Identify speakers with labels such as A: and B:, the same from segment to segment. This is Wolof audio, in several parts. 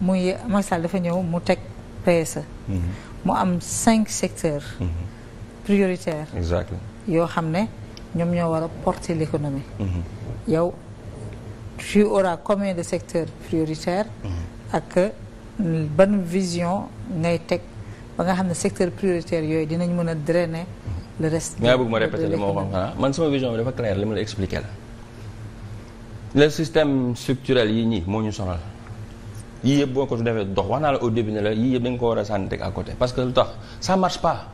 A: muy Macky Sall dafa ñëw mu teg PSE. Mhm. mu am cinq secteurs. Mhm. prioritaires. exactement yoo xam ne ñoom ñoo war a porter l' économie. Mhm. yow tu auras combien de secteurs prioritaires. ak ban vision ngay teg ba nga xam ne secteur prioritaire yooyu dinañ mën a drainer. le reste mais bëgg ma répété li ma waxoon
B: xanaa man sama vision bi dafa claire li ma la expliqué la. le système structurel yi ñi moo ñu sonal. yii yëpp boo ko defee dox wax naa la au début ne la yii yëpp dañ ko war a sànni teg à côté parce que lu tax ça marche pas.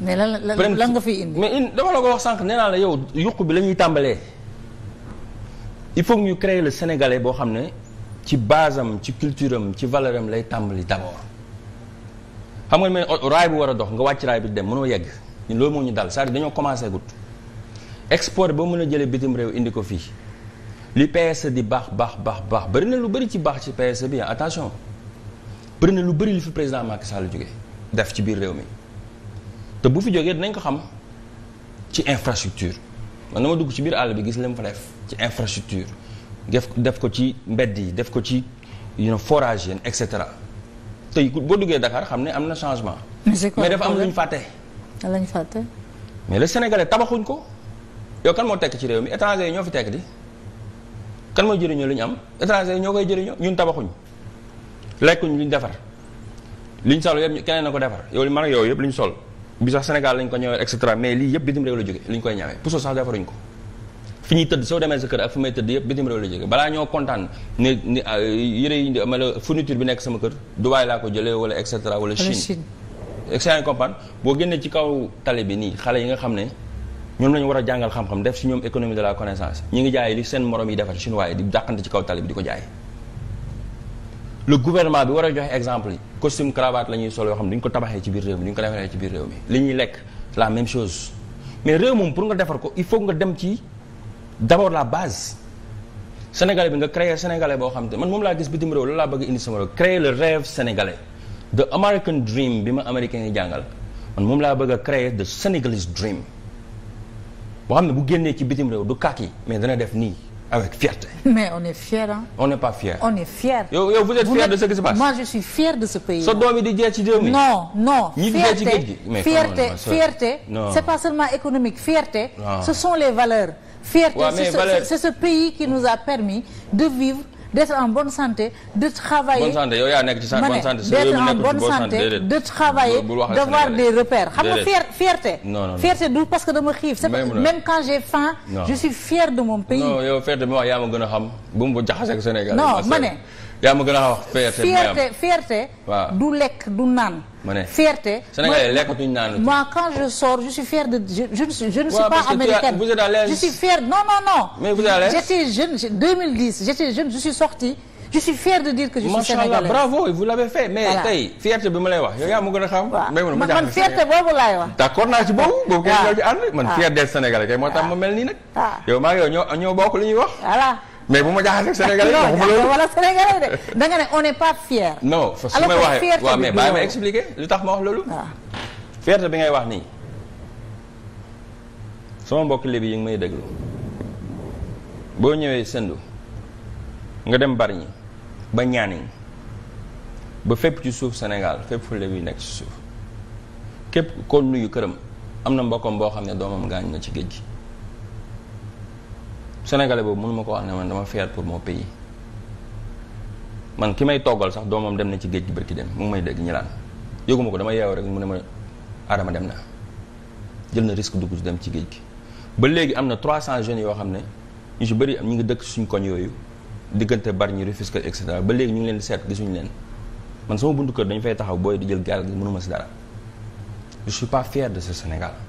A: mais lan lan
B: nga fi indi. mais in dama la ko wax sànq nee naa la yow yuq bi lañuy tàmbalee il faut ñu créer le sénégalais boo xam ne ci base am ci culture am ci valeur lay tàmbali d'abord xam nga mais raay bu war a dox nga wàcc raay bi dem mënoo yegg loolu moo ñu dal cest à dañoo commencé gut export boo mën a jëlee bitim réew indi ko fii. li PS di baax baax baax baax bëri na lu bëri ci baax ci PS bi attention bëri na lu bëri li fi président Macky Sall jógee def ci biir réew mi te bu fi jógee dinañ ko xam ci infrastructure man na ma dugg ci biir àll bi gis leen fa def ci infrastructure def def ko ci mbedd yi def ko ci yenn forage yenn et cetera tey boo duggee Dakar xam ne am na changement.
A: mais def am lu ñu fàtte. lañ fàtte.
B: mais le Sénégalais tabaxuñ ko yow kan moo tekk ci réew mi étranger yi ñoo fi tekk di. kan mooy jëriñoo lu ñu am étranger ñoo koy jëriñoo ñun tabaxuñ lekkuñ li ñu defar li ñu sol yëpp keneen na ko defar yow li man ak yow yëpp li ñu sol bi sax Sénégal lañ ko ñëwee et mais lii yëpp bitim réew la jóge li koy ñawee puso sax defaruñ ko fi ñuy tëdd soo demee sa kër ak fi may tëdd yëpp bitim réew la jóge balaa ñoo kontaan ni ne ah, yëre yi ma la fourniture bi nekk sama kër Dubaay laa ko jëlee wala et cetera wala Chine excellent comprendre boo génnee ci kaw tali bi nii xale yi nga xam ne ñoom la ñu war a jàngal xam-xam def si ñoom économie de la connaissance ñu ngi jaay li seen morom yi defar chinois di dàqante ci kaw tali bi di ko jaay. le gouvernement bi war a joxe exemple yi costume cravate la ñuy sol yoo xam ne du ñu ko tabaxee ci biir réew mi du li ñuy lekk la même chose mais réew moom pour nga defar ko il faut nga dem ci d'abord la base sénégalais bi nga créer sénégale boo xam te man moom laa gis bitim réew loolu laa bëgg indi sama réew créer le rêve bi ma américain yi jàngal man moom laa bëgg a créer the Senegalese dream boo xam ne bu génnee ci bitim réew du kàkk yi mais dana def nii avec fierté.
A: mais on est fier on n'est pas fier. on est fier.
B: yow yow vous êtes fier de ce qui se passe. je
A: suis fier de ce pays.
B: non non c'est
A: pas seulement économique fierté. ce sont les valeurs. fierté c'est ce pays qui nous a permis de vivre. d'être en bonne santé de travailler bonne santé yow yaa nekk ci santé d'être en bonne santé de travailler d'avoir des repères xam nga fier fierté fierté du parce que dama xiif c'est même quand j'ai faim je suis fier de mon pays
B: yow fierté bi wax yaa ma gën a xam bu mu jaxase ak Sénégal non ma ne yaa ma wax fierté fierté
A: fierté du lekk du naan ma ne fierté. Sénégalais
B: lekkatuñu naan
A: moi quand je sors je suis je ne suis ouais, pas américaine je suis mais vous êtes à l'aise j'étais jeune suis sortie je suis fière de dire que je suis sénégalaise bravo
B: vous l'avez fait mais tey fierté bi ma lay wax yow yaa ma gën a xam. waaw man fierté boobu laay wax. d'accord naa ci boobu. Ah. boobu kay ah. ñoo ci ànd. man ah. fière d'être sénégalais kay moo tax ma mel nii nag. yow maa ngi yow ñoo ñoo bokk li ñuy wax. voilà. mais bu ma jaaxalee Sénégalais yi waxuma loolu wala
A: Sénégalais de da nga ne on n'est pas fier. su
B: may waxee waaw mais bàyyi ma expliquer lu tax ma wax loolu. waaw bi ngay wax nii sama mbokk lébi yi ngi may déglu boo ñëwee Sendou nga dem bari Bargny ba Nianing ba fépp ci suuf Sénégal fépp fu lébi nekk ci suuf képp ko nuyu këram am na mbokkam boo xam ne doomam gaañ na ci géej gi. sénégalais boobu mënu ma ko wax ne man dama fier pour moo pays man ki may toggal sax doomam dem na ci géej gi bërki dem mu ngi may dégg ñi laan ko dama yeew rek mu ne ma Adama dem na jël na risque dugg dem ci géej gi ba léegi am na 300 jeunes yoo xam ne ñu si bëri am ñu ngi dëkk suñ koñ yooyu diggante bari ñu Rufisque et cetera ba léegi ñu ngi leen di seet gisuñu leen man sama buntu kër dañu fay taxaw booy di jël gaal gi mënuma si dara je pas fier de ce Sénégal